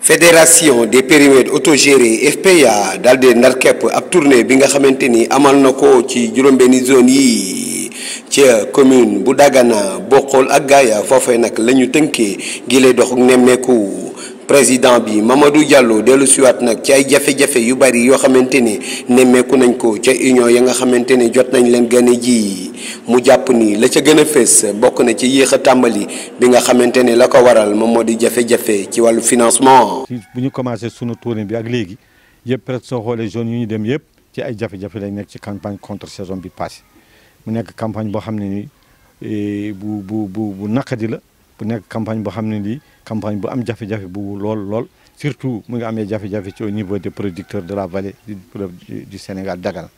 fédération des périmètres autogérés FPA daal di nar képp ab tournée bi nga xamante ni amal na ko ci juróom-benni zone yi ca commune bu Dagana Bokhol ak Gaya foofee nag la ñu tënkee gi lay dox nemmeeku. président bi Mamadou Diallo delu ci wat nak ci ay jafé jafé yu bari yo xamanteni neméku nañ ko ci union ya nga xamanteni jot nañ leen gën ji mu japp ni la ci gëna fess bokku na ci yéxa tambali bi nga xamanteni la ko waral moom moo jafé jafe ci walu financement. buñu commencé sunu tournée bi ak léegi yépp peut so xolé xoolee zone yu ñu dem yépp ci ay jafé jafé lañ nekk ci campagne contre saison bi passé mu nekk campagne bo xamné ni eh, bu bu bu bu naqadi la. bu nekk campagne boo xam ne lii campagne bu am jafe-jafe bu lool lool surtout mu ngi amee jafe-jafe ci au niveau des producteurs de la vallée du Sénégal Dagana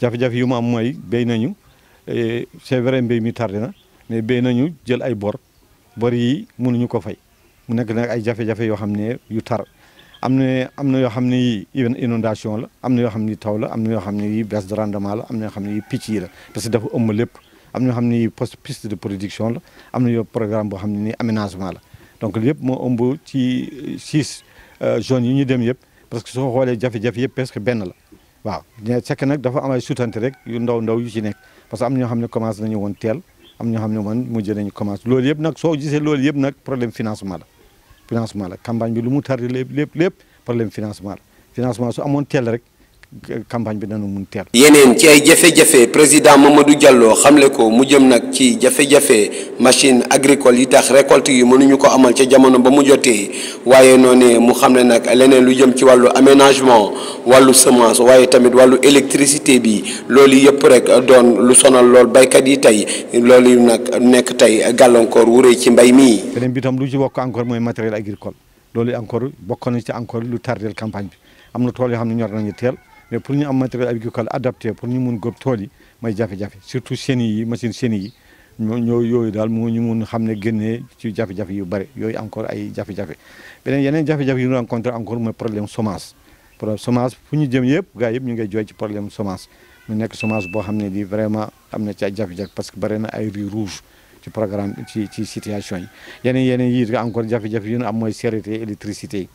jafe-jafe yu mu am mooy béy nañu eh, c'est vrai mbéy mi tardé na mais béy nañu jël ay bor bor mun mënuñu ko fay mu nekk nag ay jafe-jafe yoo xam ne yu tar am na am na yoo xam ne yi inondation la am na yoo xam ne taw la am na yoo xam ne yi baisse de rendement la am na yoo xam ne yi picc yi la parce que dafa ëmb lépp am ñoo xam ni poste piste de production la am na yoo programme boo xam ne ni aménagement la donc yëpp moo ëmb ci euh, six euh, zones yi ñu dem yëpp parce que soo xoolee jafe-jafe yëpp presque benn la waaw sekk nag dafa am ay rek yu ndaw ndaw yu ci nekk parce que am ñoo xam ne commencé nañu woon teel am ñoo xam ne man mujj nañu commencé loolu yëpp nag soo gisee loolu yëpp nag problème financement la financement la campagne bi lu mu tardé lépp lépp lépp problème financement la su amoon teel rek campagne bi dana mun teel. yeneen ci ay jafe-jafe président Mamadou Diallo xamle ko mu jëm nag ci jafe-jafe machine agricole yi tax récolte yi mënuñu ko amal ca jamono ba mu jotee waaye noonee mu xam ne nag leneen lu jëm ci wàllu aménagement wàllu semence waaye tamit wàllu électricité bi loolu yëpp rek doon lu sonal lool baykat yi tey loolu nag nekk tey gàllankoor wu rëy ci mbay mi. beneen lu ci bokk encore mooy matériel agricole loolu encore bokk na ci encore lu tardel campagne bi am na yoo xam ne ñor nañu teel. mais pour ñu am matériel agricole adapté pour ñu mun góob tool yi may jafe-jafe surtout seeni yi machine seeni yi ñoo yooyu daal moo ñu mun xam ne génne ci jafe-jafe yu bëri yooyu encore ay jafe-jafe beneen yeneen yu ñu rencontré encore mooy problème semence problème semence fu ñu jëm yëpp gars yëpp ñu ngay jooy ci problème semence mu nekk semence boo xam ne di vraiment am na ci ay jafe-jafe parce que bëri na ay riz rouge ci programme ci ci situation yi yeneen yeneen yi encore jafe-jafe yu ñu am mooy cherté électricité yi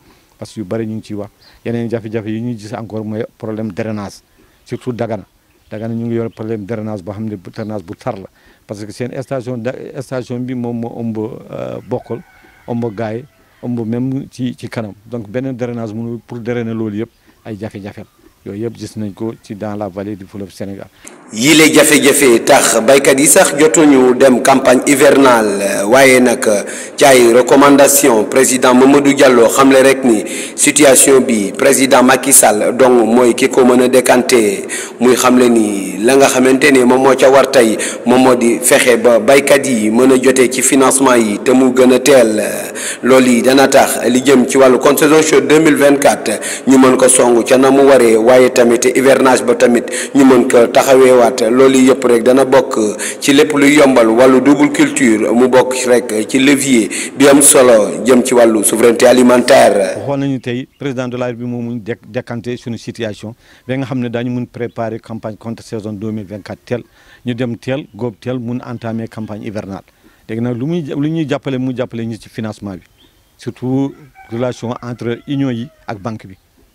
parce que yu bëri ñu ngi ciy wax yeneen jafe-jafe yi ñuy gis encore mooy problème drainage surtout Dagana Dagana ñu ngi yor problème drainage boo xam ne drainage bu tar la parce que seen station station bi moom moo ëmb euh, bokkal ëmb gaay ëmb même ci ci kanam donc beneen drainage mënu pour drainer loolu yëpp ay jafe-jafe la gis nañ ko ci dans la vallée du fleuve Sénégal. lay jafé jafé tax baykat yi sax jotuñu dem campagne hivernale wayé nak ci ay recommandation président Mamadou Diallo xamlé rek ni situation bi président Macky Sall donc qui kiko mëna décanté muy xamle ni la nga xamante ne mo ca war di ba baykat yi mëna a ci financement yi té mu gëna a teel dana tax li jëm ci walu concession 2024 ñu mën ko songu ca waaye tamit hivernage ba tamit ñu mën ko wat loolu yëpp rek dana bok ci lepp lu yombal walu double culture mu bok rek ci levier bi am solo jëm ci walu souveraineté alimentaire. xol nañu tay président de la République mo mu dek décanté suñu situation ba nga xam ne préparer campagne contre saison 2024 tel ñu dem tel gob tel mun entamer campagne hivernale léegi na lu muy lu ñuy jappalé mu jappalé ñu ci financement bi surtout relation entre union yi ak banque bi.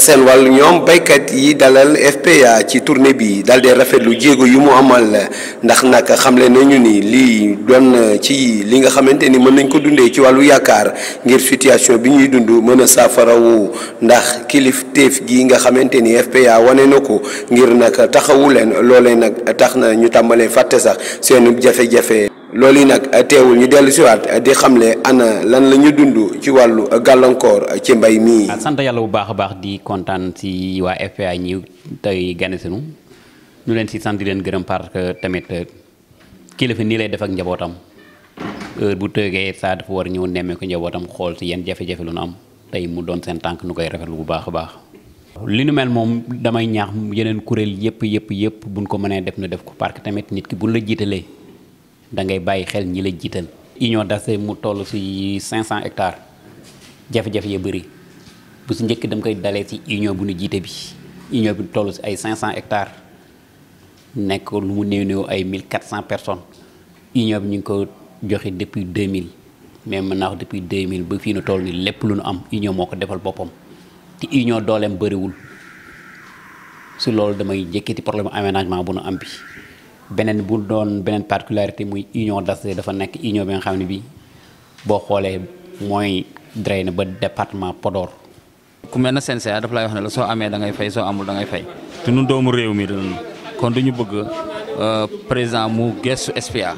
seen wàll ñoom baykat yi dalal FPA ci tournée bi daal di rafetlu jéego yi mu amal ndax nag xamle nañu ni lii doon ci li nga xamante ni mën nañ ko dundee ci wàllu yaakaar ngir situation bi ñuy dund mën a saafarawu ndax kilifteef gi nga xamante ni FPA wane na ko ngir nag taxawu leen loole nag tax na ñu tàmbalee fàtte sax seen jafe-jafe. loolu yi nag teewul ñu dellu siwaat di xamle ana lan la ñu dund ci wàllu gàllankoor ci mbay mii. Ah, sant yàlla bu baax a baax di kontaan si waa FPA ñi tey gane sinu ñu leen si sant di leen gërëm parce que tamit euh, kilifa nii lay def ak njabootam heure bu tëgee saa dafa war ñëw nemmee ko njabootam xool si yenn jafe-jafe lu nu am tey mu doon seen tànk nu koy rafetlu bu baax a baax. li nu mel moom damay ñaax yeneen kuréel yëpp yëpp bu buñ ko mënee def na def ko parce que tamit nit ki buñ la jiitalee. da ngay bàyyi xel ñi la jital union d'Asset mu toll ci 500 hectares jafé jafé ya bëri bu ci ñëk dem koy dalé ci union bu ñu jité bi union bu toll ci ay 500 hectares nek lu mu neew neew ay 1400 personnes union bi ñu ko joxé depuis 2000 même mën wax depuis 2000 ba fi ñu toll ni lepp lu ñu am union moko défal bopom boppam union dolem bëri wul si lool damay njëkkee problème aménagement bu ñu am bi beneen bu doon beneen particularité muy union d'Asdé dafa nekk union bi nga xam ne bi boo xoolee mooy drainer ba département Podor. ku mel ne CNCA daf lay wax ne la soo amee da ngay fay soo amul da ngay fay te ñun doomu réew mi dañu kon du ñu bëgg euh, président mu gestu SPA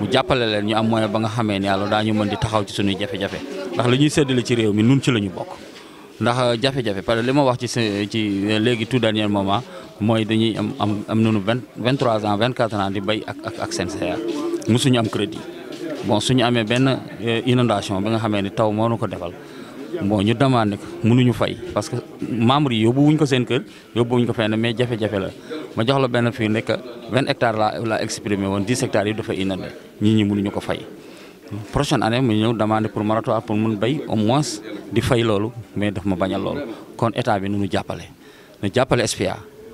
mu jàppale leen ñu am moyen ba nga xamee ni yàlla daa ñu mën di taxaw ci suñuy jafe-jafe ndax li ñuy séddale ci réew mi nun ci la ñu bokk ndax jafe-jafe parce li ma wax ci euh, léegi tout dernier moment. mooy dañuy am am am nañu vingt vingt trois ans vingt quatre ans di béy ak ak ak seen am crédit bon suñu amee benn euh, inondation bi nga xamee ni taw moo nu ko defal bon ñu demandé ko mënuñu fay parce que membres yi yóbbu wuñ ko seen kër yóbbu wuñ ko fenn mais jafe-jafe la ma jox la benn fi nekk vingt hectares la la exprimé woon dix hectares yi dafa inondé ñii ñi mënuñu ko fay prochaine année mu ñëw demandé pour moratoire pour mun béy au moins di fay loolu mais daf ma bañal loolu kon état bi nu jàppale nu jàppale SPA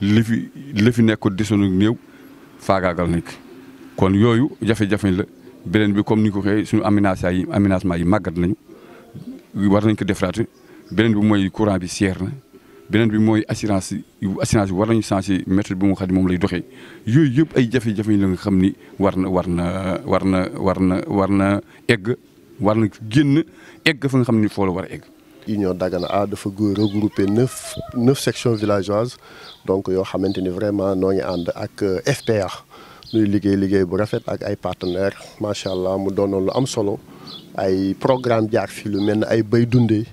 li fi li fi nekk di sunu néew faagaagal nañ ko kon yooyu jafe-jafe la beneen bi comme ni ko waxee suñu aménagement yi aménagement yi màggat nañu war nañ ko defaraat beneen bi mooy courant bi seer na beneen bi mooy assurance assurance bi war nañu changé méthode bi mu xam ne moom lay doxee yooyu yëpp ay jafe-jafe la nga xam ni war na war na war na war na war na egg war na génn egg fa nga xam ni foo la war a egg. union Dagan A dafa regroupé neuf neuf sections villageoises donc yo xamante vraiment no ngi and ak euh, FPA ñuy liggéey liggéey bu rafet ak ay partenaires machallah mu doonoon lu am solo ay programme jaar fi lu mel ay bay dundé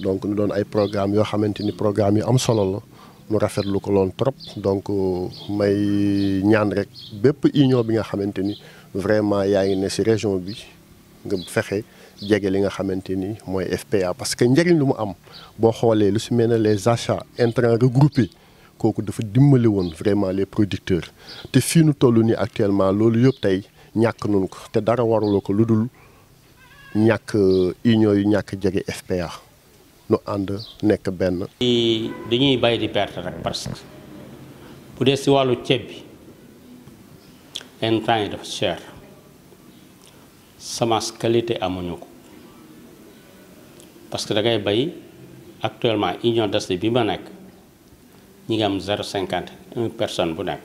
donc nous doon ay programme yo xamante programme yu am solo la mu rafetlu ko loon trop donc euh, may ñaan rek bépp union bi nga xamante vraiment yaa ngi ne si région bi nga fexe. jege li nga xamanteni moy FPA parce que njariñ lu mu am bo xolé lu si mel les achats intrants regroupés koku dafa dimbali won vraiment les producteurs té fi nu tollu ni actuellement lolu yop tay ñak nuñ ko té dara waruloo ko luddul ñak euh, union yu ñak jege FPA and nek ben di dañuy bay di perte rek parce que bu dé ci walu ceeb bi intrants yi dafa cher qualité amuñu ko parce que da ngay bay actuellement union d'asse bi ma nek ñi ngi am 050 une personne bu nek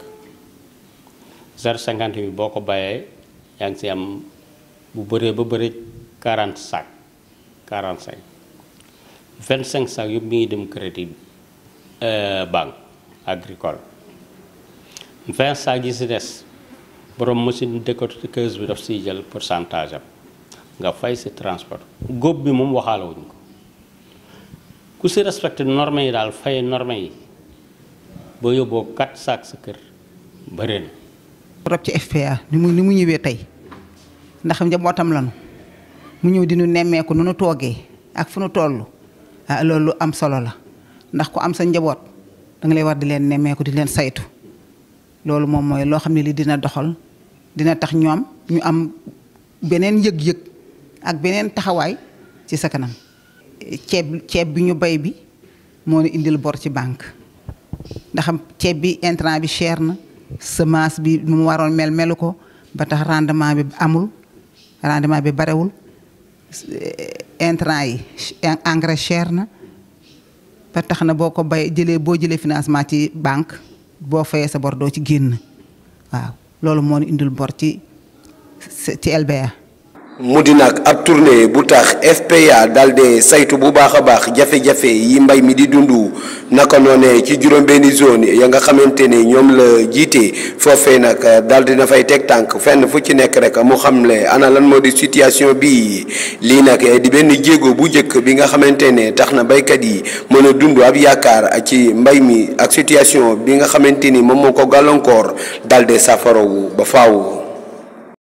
050 bi boko baye ya ngi si am bu beure ba beure 40 sac 45 25 sac yu mi dem crédit euh, banque agricole sac yi ci dess borom machine décortiqueuse bi daf ci jël pourcentage am nga fay ci transport gop bi moom wuñ ko ku ci respecté norme yi dal fay norme yi bo yobbo quatre sacs sa kër bëri ci FPA ni mu ni mu ñëwee tay ndax njabootam lanu mu ñëw di nu nemmeeku nu nu toogee ak fu nu tollu ah lolu am solo la ndax ko am sa njabot da nga lay war di némé ko di len saytu lolu mom moy lo xamni li dina doxal dina tax ñoom ñu am benen yeg yeg ak beneen taxawaay ci sa kanam ceeb ceeb bi ñu bay bi moo nu indil bor ci banque ndax ceeb bi intrant bi cher na semence bi nu mu waroon mel melu ko ba tax rendement bi amul rendement bi barewul intrant yi engrais cher na ba tax na boo ko bay jëlee boo jëlee financement ci banque boo fayee sa bor doo ci génn waaw loolu moo nu indil bor ci ci LBA mu di nag ab tournée bu tax FPA daal saytu bu baax a baax jafe-jafe yi mbay mi di dund naka noone ci juróom-benni zone ya nga xamante ni ñoom la jiite foofee nag daal na fay teg tànk fenn fu ci nekk rek mu xam ana lan moo di situation bi lii nag di benn jéego bu njëkk bi nga xamante ne tax na baykat yi mën a dund ab yaakaar ci mbay mi ak situation bi nga xamante ni moom moo ko gàllankoor daal de safarawu ba faaw.